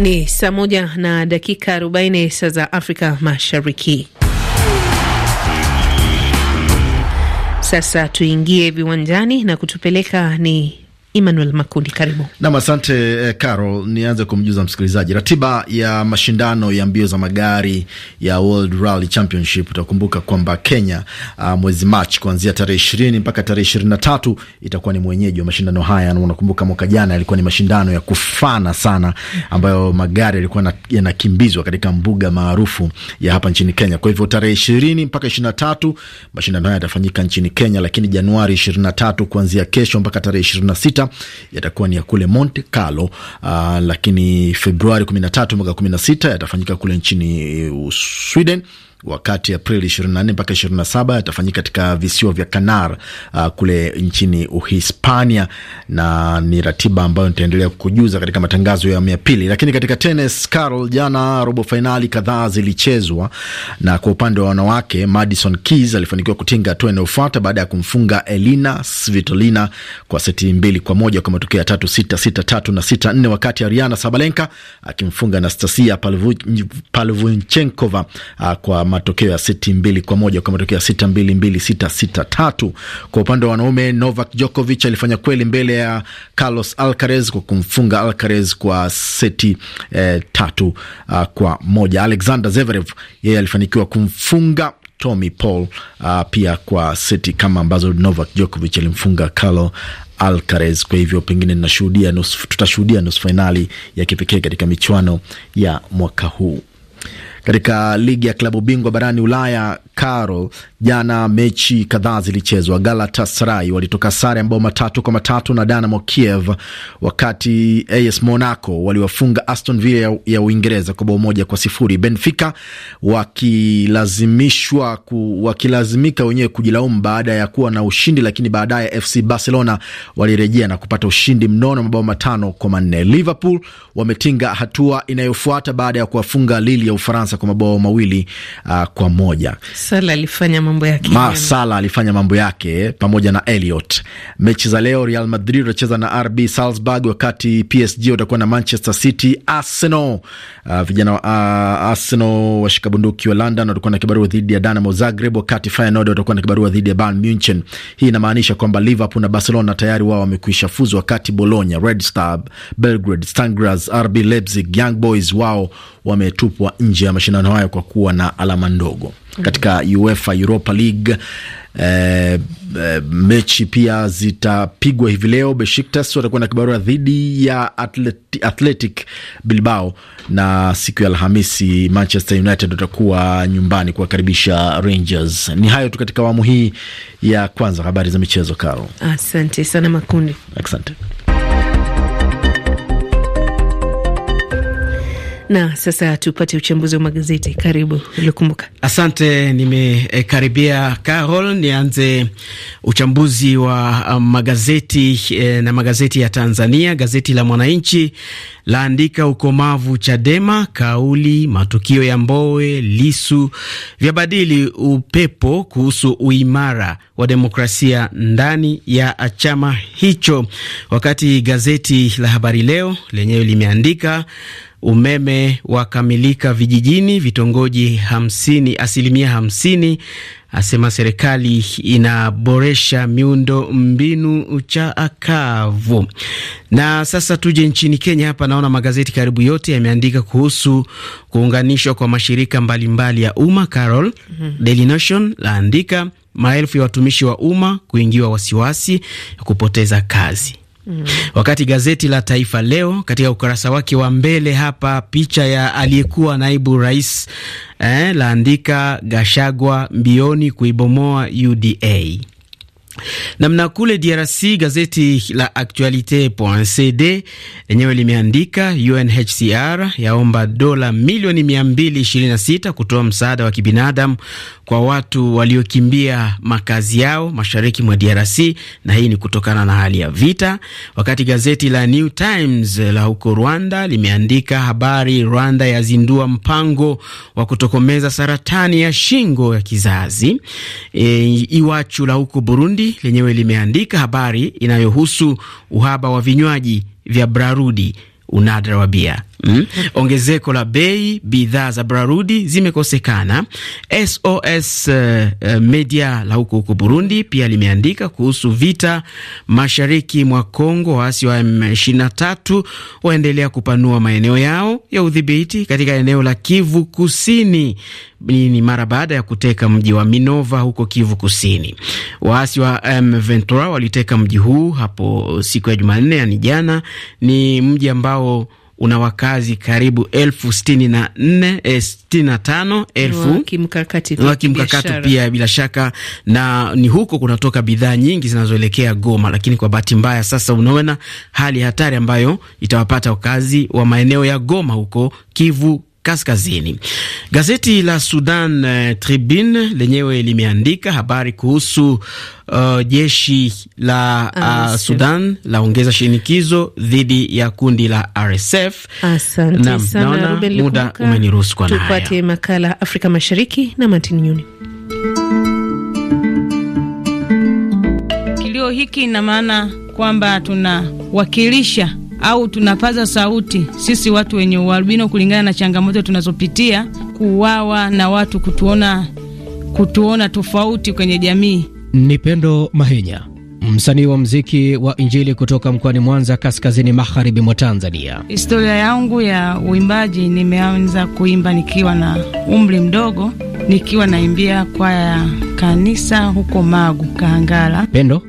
Ni saa moja na dakika arobaini saa za Afrika Mashariki. Sasa tuingie viwanjani na kutupeleka ni Emmanuel Makundi, karibu nam. Asante eh, Carol. Nianze kumjuza msikilizaji ratiba ya mashindano ya mbio za magari ya World Rally Championship. Utakumbuka kwamba Kenya uh, mwezi Machi kuanzia tarehe ishirini mpaka tarehe ishirini na tatu itakuwa ni mwenyeji wa mashindano haya, na unakumbuka mwaka jana yalikuwa ni mashindano ya kufana sana, ambayo magari yalikuwa yanakimbizwa katika mbuga maarufu ya hapa nchini Kenya. Kwa hivyo tarehe ishirini mpaka ishirini na tatu mashindano haya yatafanyika nchini Kenya, lakini Januari ishirini na tatu kuanzia kesho mpaka tarehe ishirini na sita sita yatakuwa ni ya kule Monte Carlo, ah, lakini Februari kumi na tatu mpaka kumi na sita yatafanyika kule nchini eh, Sweden wakati Aprili 24 mpaka 27 yatafanyika katika visiwa vya Kanar uh, kule nchini Uhispania, na ni ratiba ambayo nitaendelea kukujuza katika matangazo ya mia pili. Lakini katika tenis, Carol, jana robo fainali kadhaa zilichezwa, na kwa upande wa wanawake Madison Keys alifanikiwa kutinga hatua inayofuata baada ya kumfunga Elina Svitolina kwa seti mbili kwa moja kwa matokeo ya tatu sita sita tatu na sita nne, wakati Ariana Sabalenka akimfunga Anastasia Palvuchenkova uh, kwa matokeo ya seti mbili kwa moja kwa matokeo ya sita mbili mbili sita sita tatu. Kwa upande wa wanaume, Novak Djokovic alifanya kweli mbele ya Carlos Alcaraz kwa kumfunga Alcaraz kwa seti eh, tatu uh, kwa moja. Alexander Zverev yeye alifanikiwa kumfunga Tommy Paul uh, pia kwa seti kama ambazo Novak Djokovic alimfunga Carlo Alcaraz. Kwa hivyo pengine tutashuhudia nusu fainali ya kipekee katika michuano ya mwaka huu. Katika ligi ya klabu bingwa barani Ulaya, Caro, jana mechi kadhaa zilichezwa. Galatasaray walitoka sare ambao matatu kwa matatu na Dynamo Kiev, wakati AS Monaco waliwafunga Aston Villa ya Uingereza kwa bao moja kwa sifuri. Benfica wakilazimishwa ku, wakilazimika wenyewe kujilaumu baada ya kuwa na ushindi, lakini baadaye FC Barcelona walirejea na kupata ushindi mnono mabao matano kwa manne. Liverpool wametinga hatua inayofuata baada ya kuwafunga Lille ya Ufaransa Ufaransa kwa mabao mawili uh, kwa moja. Sala alifanya mambo yake, Ma, Sala alifanya mambo yake pamoja na Elliot. Mechi za leo Real Madrid utacheza na RB Salzburg, wakati PSG utakuwa na Manchester City. Arsenal uh, vijana wa uh, Arsenal washika bunduki wa London watakuwa na kibarua dhidi ya Dinamo Zagreb, wakati Feyenoord watakuwa na kibarua dhidi ya Bayern Munich. Hii inamaanisha kwamba Liverpool na Barcelona tayari wao wamekwisha fuzu, wakati Bologna, Red Star Belgrade, Stangras, RB Leipzig, Young Boys wao wametupwa nje ya mashindano hayo kwa kuwa na alama ndogo. Mm -hmm. Katika UEFA Europa League e, e, mechi pia zitapigwa hivi leo. beshiktas watakuwa na kibarua dhidi ya Atleti, Athletic Bilbao na siku ya Alhamisi Manchester United watakuwa nyumbani kuwakaribisha Rangers. Ni hayo tu katika awamu hii ya kwanza. Habari za michezo, Karo. Asante sana Makundi. Asante. Na sasa tupate uchambuzi wa magazeti. Karibu Lukumbuka. Asante, nimekaribia Carol. Nianze uchambuzi wa um, magazeti eh, na magazeti ya Tanzania. Gazeti la Mwananchi laandika ukomavu Chadema, kauli matukio ya Mbowe Lisu vyabadili upepo kuhusu uimara wa demokrasia ndani ya chama hicho, wakati gazeti la Habari Leo lenyewe limeandika umeme wakamilika vijijini vitongoji hamsini, asilimia hamsini. Asema serikali inaboresha miundo mbinu chakavu. Na sasa tuje nchini Kenya. Hapa naona magazeti karibu yote yameandika kuhusu kuunganishwa kwa mashirika mbalimbali mbali ya umma. Carol, mm -hmm. Daily Nation laandika maelfu ya watumishi wa umma kuingiwa wasiwasi ya kupoteza kazi. Mm. Wakati gazeti la Taifa Leo katika ukurasa wake wa mbele hapa picha ya aliyekuwa naibu rais eh, laandika Gashagwa mbioni kuibomoa UDA. Namna kule DRC, gazeti la Actualite.cd lenyewe limeandika UNHCR yaomba dola milioni 226 kutoa msaada wa kibinadamu kwa watu waliokimbia makazi yao mashariki mwa DRC, na hii ni kutokana na hali ya vita. Wakati gazeti la New Times la huko Rwanda limeandika habari, Rwanda yazindua mpango wa kutokomeza saratani ya shingo ya kizazi. E, Iwachu la huko Burundi Burundi lenyewe limeandika habari inayohusu uhaba wa vinywaji vya Brarudi, unadra wa bia mm, ongezeko la bei bidhaa za Brarudi zimekosekana. SOS uh, eh, eh, media la huko huko Burundi pia limeandika kuhusu vita mashariki mwa Kongo. Waasi wa M23 waendelea kupanua maeneo yao ya udhibiti katika eneo la Kivu Kusini. Ni mara baada ya kuteka mji wa Minova huko Kivu Kusini. Waasi wa M23 waliteka mji huu hapo siku ya Jumanne, yani jana. Ni mji ambao una wakazi karibu elfu sitini na nne eh, sitini na tano elfu wakimkakati pia bila shaka, na ni huko kunatoka bidhaa nyingi zinazoelekea Goma, lakini kwa bahati mbaya sasa, unaona hali hatari ambayo itawapata wakazi wa maeneo ya Goma huko Kivu Kaskazini. Gazeti la Sudan uh, Tribune lenyewe limeandika habari kuhusu uh, jeshi la uh, Sudan laongeza shinikizo dhidi ya kundi la RSF. Asante sana Ruben, muda umeniruhusu kwa Tupate makala Afrika Mashariki na Martin Kilio hiki ina maana kwamba tunawakilisha au tunapaza sauti sisi watu wenye ualbino kulingana na changamoto tunazopitia, kuuawa na watu kutuona, kutuona tofauti kwenye jamii. Ni Pendo Mahenya, msanii wa mziki wa Injili kutoka mkoani Mwanza, kaskazini magharibi mwa Tanzania. Historia yangu ya uimbaji, nimeanza kuimba nikiwa na umri mdogo, nikiwa naimbia kwaya ya kanisa huko Magu, Kahangala. Pendo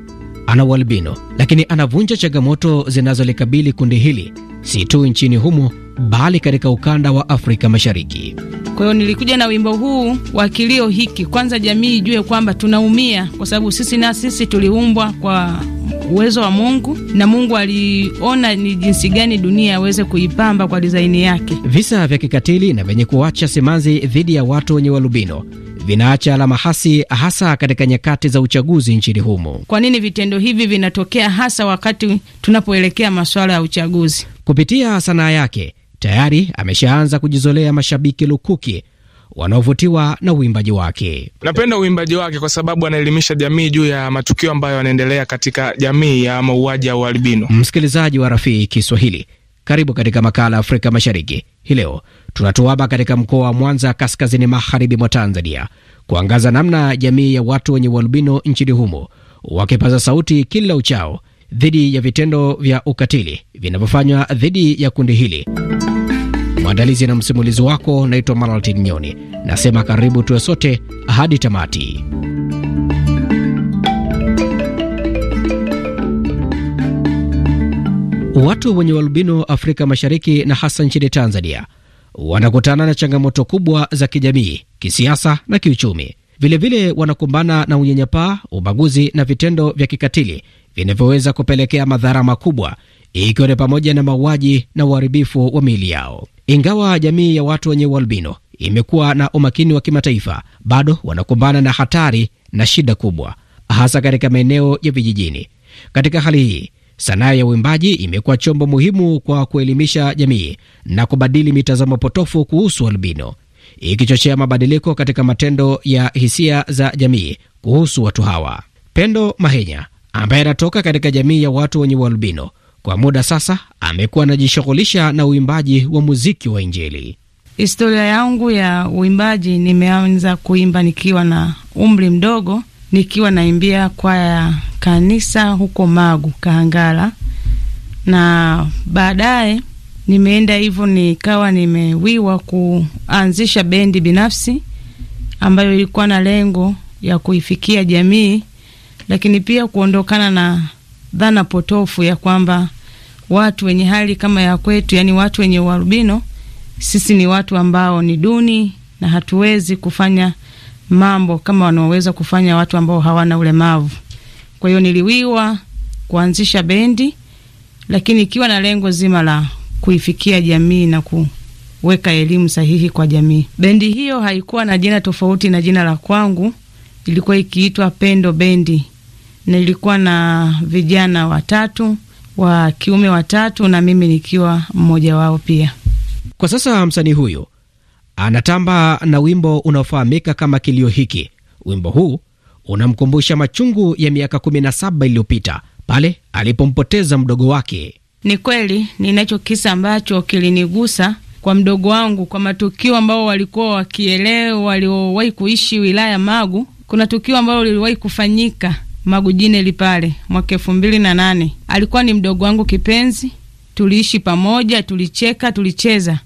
ana ualbino, lakini anavunja changamoto zinazolikabili kundi hili si tu nchini humo bali katika ukanda wa Afrika Mashariki. Kwa hiyo nilikuja na wimbo huu wa kilio hiki, kwanza jamii ijue kwamba tunaumia kwa sababu sisi na sisi tuliumbwa kwa uwezo wa Mungu na Mungu aliona ni jinsi gani dunia aweze kuipamba kwa dizaini yake. Visa vya kikatili na vyenye kuacha simanzi dhidi ya watu wenye walubino vinaacha alama hasi, hasa katika nyakati za uchaguzi nchini humo. Kwa nini vitendo hivi vinatokea hasa wakati tunapoelekea masuala ya uchaguzi? Kupitia sanaa yake tayari ameshaanza kujizolea mashabiki lukuki wanaovutiwa na uimbaji wake. Napenda uimbaji wake kwa sababu anaelimisha jamii juu ya matukio ambayo yanaendelea katika jamii ya mauaji ya ualbino. Msikilizaji wa rafiki Kiswahili karibu katika makala Afrika Mashariki. Hii leo tunatuama katika mkoa wa Mwanza, kaskazini magharibi mwa Tanzania, kuangaza namna jamii ya watu wenye ualbino nchini humo wakipaza sauti kila uchao dhidi ya vitendo vya ukatili vinavyofanywa dhidi ya kundi hili. Mwandalizi na msimulizi wako naitwa Maraltin Nyoni, nasema karibu tuwe sote hadi tamati. Watu wenye ualbino Afrika Mashariki na hasa nchini Tanzania wanakutana na changamoto kubwa za kijamii, kisiasa na kiuchumi. Vilevile wanakumbana na unyanyapaa, ubaguzi na vitendo vya kikatili vinavyoweza kupelekea madhara makubwa, ikiwa ni pamoja na mauaji na uharibifu wa miili yao. Ingawa jamii ya watu wenye ualbino imekuwa na umakini wa kimataifa, bado wanakumbana na hatari na shida kubwa, hasa katika maeneo ya vijijini. Katika hali hii Sanaa ya uimbaji imekuwa chombo muhimu kwa kuelimisha jamii na kubadili mitazamo potofu kuhusu albino, ikichochea mabadiliko katika matendo ya hisia za jamii kuhusu watu hawa. Pendo Mahenya ambaye anatoka katika jamii ya watu wenye ualbino kwa muda sasa amekuwa anajishughulisha na uimbaji wa muziki wa Injili. Historia yangu ya uimbaji, nimeanza kuimba nikiwa na umri mdogo, nikiwa naimbia kwaya ya kanisa huko Magu Kahangala, na baadaye nimeenda hivyo nikawa nimewiwa kuanzisha bendi binafsi ambayo ilikuwa na lengo ya kuifikia jamii, lakini pia kuondokana na dhana potofu ya kwamba watu wenye hali kama ya kwetu, yani watu wenye uharubino sisi ni watu ambao ni duni na hatuwezi kufanya mambo kama wanaoweza kufanya watu ambao hawana ulemavu. Kwa hiyo niliwiwa kuanzisha bendi, lakini ikiwa na lengo zima la kuifikia jamii na kuweka elimu sahihi kwa jamii. Bendi hiyo haikuwa na jina tofauti na jina la kwangu, ilikuwa ikiitwa Pendo Bendi na ilikuwa na vijana watatu wa kiume watatu na mimi nikiwa mmoja wao pia. Kwa sasa msanii huyo anatamba ah, na wimbo unaofahamika kama kilio hiki. Wimbo huu unamkumbusha machungu ya miaka 17 iliyopita pale alipompoteza mdogo wake. Ni kweli ninacho kisa ambacho kilinigusa kwa mdogo wangu, kwa matukio ambao walikuwa wakielewa, waliowahi kuishi wilaya Magu. Kuna tukio ambalo liliwahi kufanyika Magu Jineli pale mwaka elfu mbili na nane. Alikuwa ni mdogo wangu kipenzi, tuliishi pamoja, tulicheka, tulicheza,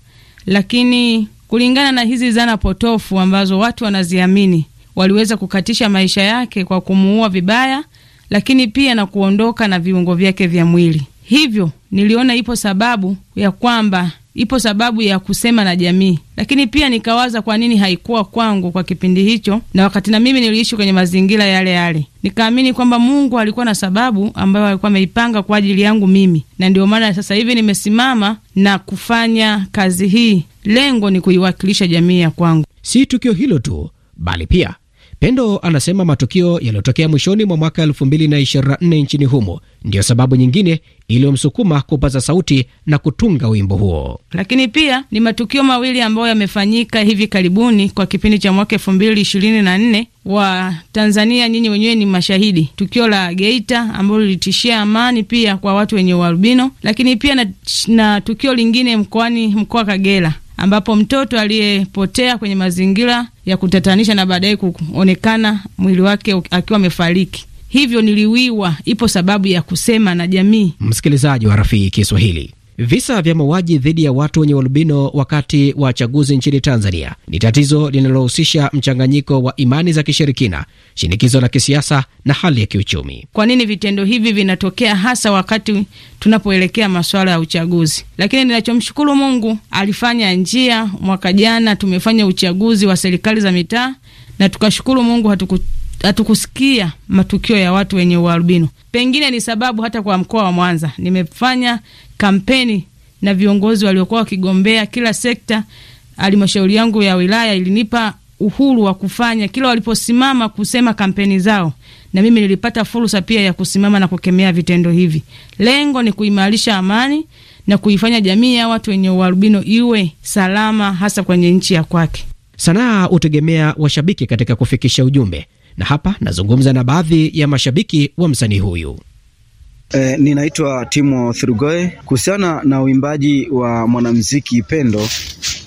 lakini Kulingana na hizi zana potofu ambazo watu wanaziamini, waliweza kukatisha maisha yake kwa kumuua vibaya, lakini pia na kuondoka na viungo vyake vya mwili. Hivyo niliona ipo sababu ya kwamba ipo sababu ya kusema na jamii, lakini pia nikawaza kwa nini haikuwa kwangu kwa kipindi hicho, na wakati na mimi niliishi kwenye mazingira yale yale. Nikaamini kwamba Mungu alikuwa na sababu ambayo alikuwa ameipanga kwa ajili yangu mimi, na ndio maana sasa hivi nimesimama na kufanya kazi hii. Lengo ni kuiwakilisha jamii ya kwangu. Si tukio hilo tu, bali pia Pendo anasema matukio yaliyotokea mwishoni mwa mwaka 2024 nchini humo ndiyo sababu nyingine iliyomsukuma kupaza sauti na kutunga wimbo huo. Lakini pia ni matukio mawili ambayo yamefanyika hivi karibuni kwa kipindi cha mwaka 2024 wa Tanzania, nyinyi wenyewe ni mashahidi. Tukio la Geita ambalo lilitishia amani pia kwa watu wenye uarubino, lakini pia na, na tukio lingine mkoani mkoa Kagera ambapo mtoto aliyepotea kwenye mazingira ya kutatanisha na baadaye kuonekana mwili wake akiwa amefariki. Hivyo niliwiwa, ipo sababu ya kusema na jamii. Msikilizaji wa Rafiki Kiswahili, Visa vya mauaji dhidi ya watu wenye walubino wakati wa chaguzi nchini Tanzania ni tatizo linalohusisha mchanganyiko wa imani za kishirikina, shinikizo la kisiasa na hali ya kiuchumi. Kwa nini vitendo hivi vinatokea hasa wakati tunapoelekea masuala ya uchaguzi? Lakini ninachomshukuru Mungu, alifanya njia. Mwaka jana tumefanya uchaguzi wa serikali za mitaa na tukashukuru Mungu hatuku hatukusikia matukio ya watu wenye ualbino. Pengine ni sababu hata kwa mkoa wa Mwanza nimefanya kampeni na viongozi waliokuwa wakigombea kila sekta. Halmashauri yangu ya wilaya ilinipa uhuru wa kufanya kila waliposimama kusema kampeni zao, na mimi nilipata fursa pia ya kusimama na kukemea vitendo hivi. Lengo ni kuimarisha amani na kuifanya jamii ya watu wenye ualbino iwe salama, hasa kwenye nchi ya kwake. Sanaa hutegemea washabiki katika kufikisha ujumbe na hapa nazungumza na baadhi ya mashabiki wa msanii huyu. E, ninaitwa Timo Thurugoe. Kuhusiana na uimbaji wa mwanamuziki Pendo,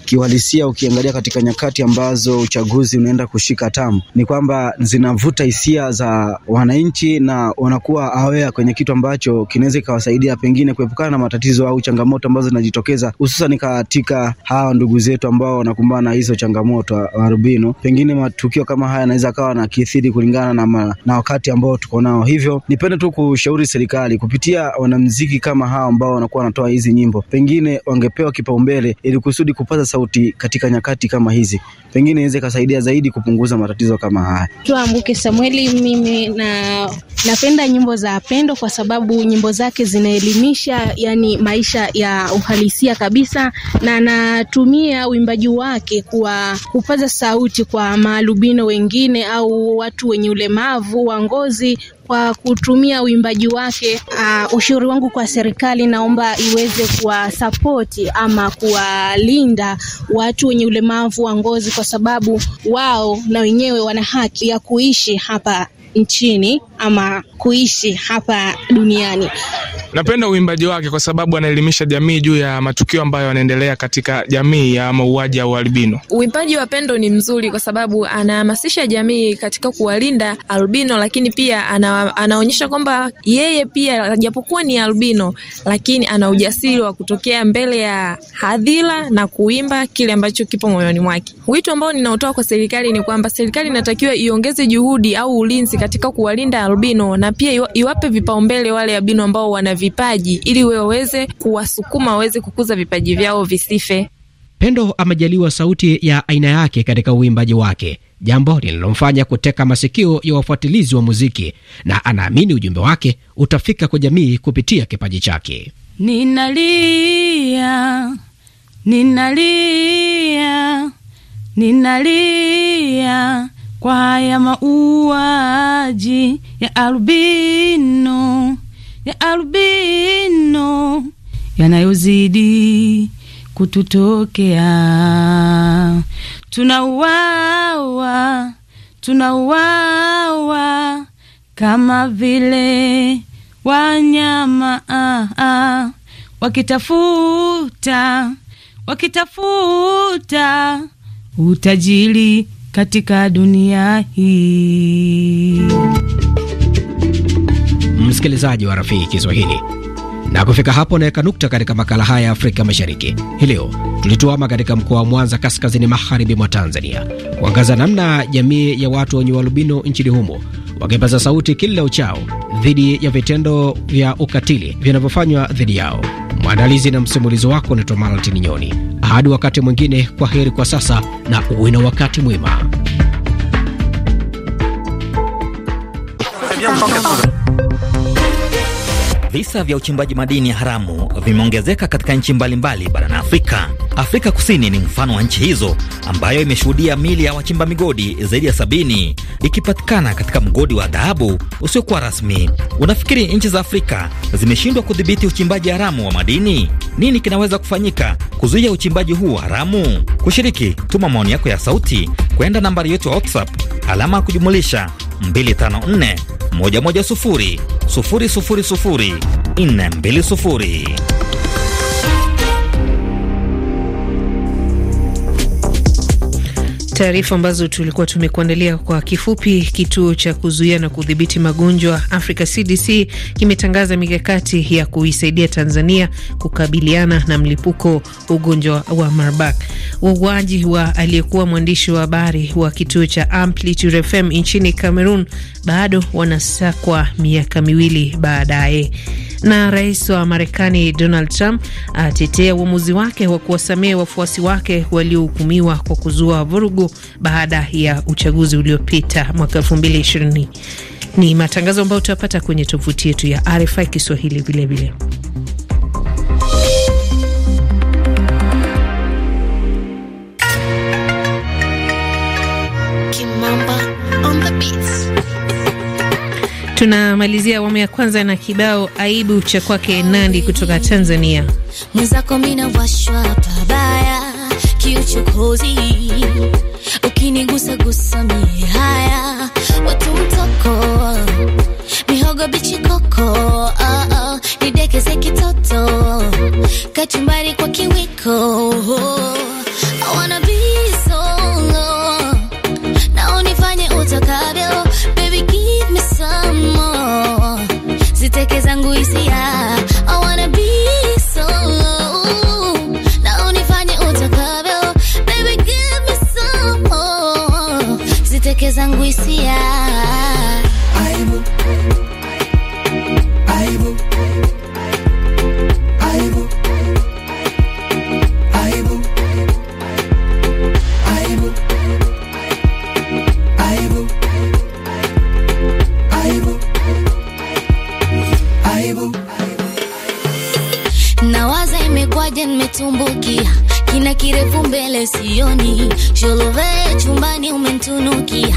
kiuhalisia, ukiangalia katika nyakati ambazo uchaguzi unaenda kushika tamu, ni kwamba zinavuta hisia za wananchi na wanakuwa awea kwenye kitu ambacho kinaweza kikawasaidia pengine kuepukana na matatizo au changamoto ambazo zinajitokeza, hususan katika hawa ndugu zetu ambao wanakumbana na hizo changamoto arubino. Pengine matukio kama haya yanaweza kawa na kithiri kulingana na, ma, na wakati ambao tuko nao. Hivyo nipende tu kushauri serikali kupitia wanamziki kama hawa ambao wanakuwa wanatoa hizi nyimbo, pengine wangepewa kipaumbele ili kusudi kupata sauti katika nyakati kama hizi, pengine iweze ikasaidia zaidi kupunguza matatizo kama haya. Tuambuke Samueli, mimi na napenda nyimbo za Pendo kwa sababu nyimbo zake zinaelimisha, yani maisha ya uhalisia kabisa, na natumia uimbaji wake kwa kupaza sauti kwa maalubino wengine au watu wenye ulemavu wa ngozi kwa kutumia uimbaji wake. Uh, ushauri wangu kwa serikali, naomba iweze kuwasapoti ama kuwalinda watu wenye ulemavu wa ngozi, kwa sababu wao na wenyewe wana haki ya kuishi hapa nchini ama kuishi hapa duniani. Napenda uimbaji wake kwa sababu anaelimisha jamii juu ya matukio ambayo yanaendelea katika jamii ya mauaji au albino. Uimbaji wa Pendo ni mzuri kwa sababu anahamasisha jamii katika kuwalinda albino, lakini pia ana, anaonyesha kwamba yeye pia japokuwa ni albino, lakini ana ujasiri wa kutokea mbele ya hadhira na kuimba kile ambacho kipo moyoni mwake. Wito ambao ninaotoa kwa serikali ni kwamba serikali inatakiwa iongeze juhudi au ulinzi katika kuwalinda albino na pia iwape vipaumbele wale albino ambao wana vipaji ili waweze kuwasukuma waweze kukuza vipaji vyao visife. Pendo amejaliwa sauti ya aina yake katika uimbaji wake, jambo linalomfanya kuteka masikio ya wafuatilizi wa muziki, na anaamini ujumbe wake utafika kwa jamii kupitia kipaji chake. Ninalia, ninalia, ninalia kwa ya mauaji ya albino ya albino yanayozidi kututokea. Tunauawa, tunauawa kama vile wanyama ah, ah, wakitafuta wakitafuta utajiri katika dunia hii. Msikilizaji wa rafiki Kiswahili, na kufika hapo naweka nukta katika makala haya ya Afrika Mashariki hii leo. Tulituama katika mkoa wa Mwanza, kaskazini magharibi mwa Tanzania, kuangaza namna jamii ya watu wenye ualbino nchini humo wakipaza sauti kila uchao dhidi ya vitendo vya ukatili vinavyofanywa dhidi yao. Mwandalizi na msimulizi wako unaitwa Maltini Nyoni. Hadi wakati mwingine, kwa heri kwa sasa na uwe na wakati mwema. Visa vya uchimbaji madini haramu vimeongezeka katika nchi mbalimbali barani Afrika. Afrika Kusini ni mfano wa nchi hizo ambayo imeshuhudia mili ya wachimba migodi zaidi ya sabini ikipatikana katika mgodi wa dhahabu usiokuwa rasmi. Unafikiri nchi za Afrika zimeshindwa kudhibiti uchimbaji haramu wa madini? Nini kinaweza kufanyika kuzuia uchimbaji huu haramu? Kushiriki, tuma maoni yako ya sauti kwenda nambari yetu ya WhatsApp alama ya kujumulisha 254 110 000 sufuri. Taarifa ambazo tulikuwa tumekuandalia kwa kifupi. Kituo cha kuzuia na kudhibiti magonjwa Afrika CDC kimetangaza mikakati ya kuisaidia Tanzania kukabiliana na mlipuko ugonjwa wa Marburg. Wauaji wa aliyekuwa mwandishi wa habari wa kituo cha Amplitude FM nchini Cameroon bado wanasakwa miaka miwili baadaye na rais wa Marekani Donald Trump atetea uamuzi wake wa kuwasamehe wafuasi wake waliohukumiwa kwa kuzua vurugu baada ya uchaguzi uliopita mwaka 2020. Ni matangazo ambayo utapata kwenye tovuti yetu ya RFI Kiswahili vilevile. Tunamalizia awamu ya kwanza na kibao aibu cha kwake Nandi kutoka Tanzania. mwenzako mina washwa pabaya kiuchokozi ukinigusa gusa haya watu mtoko mihogo bichikoko oh, ah, oh, ah. nidekeze kitoto kachumbari kwa kiwiko oh. kulia. Aibu, imekwaje nimetumbukia kina kirefu mbele sioni, sholove chumbani umentunukia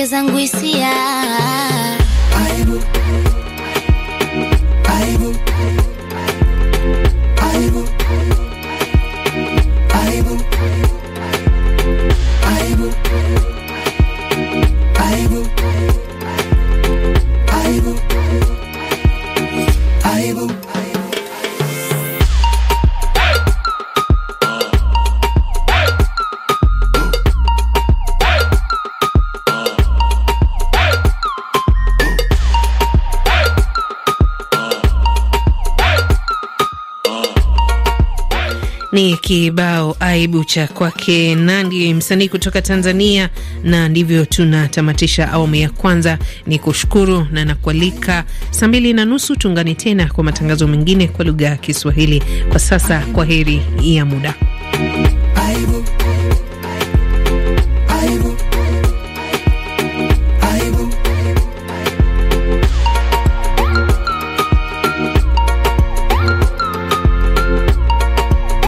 zake zangu hisia Ni kibao aibu cha kwake Nandi, msanii kutoka Tanzania. Na ndivyo tunatamatisha awamu ya kwanza. Ni kushukuru na nakualika saa mbili na nusu tuungane tena kwa matangazo mengine kwa lugha ya Kiswahili. Kwa sasa, kwa heri ya muda.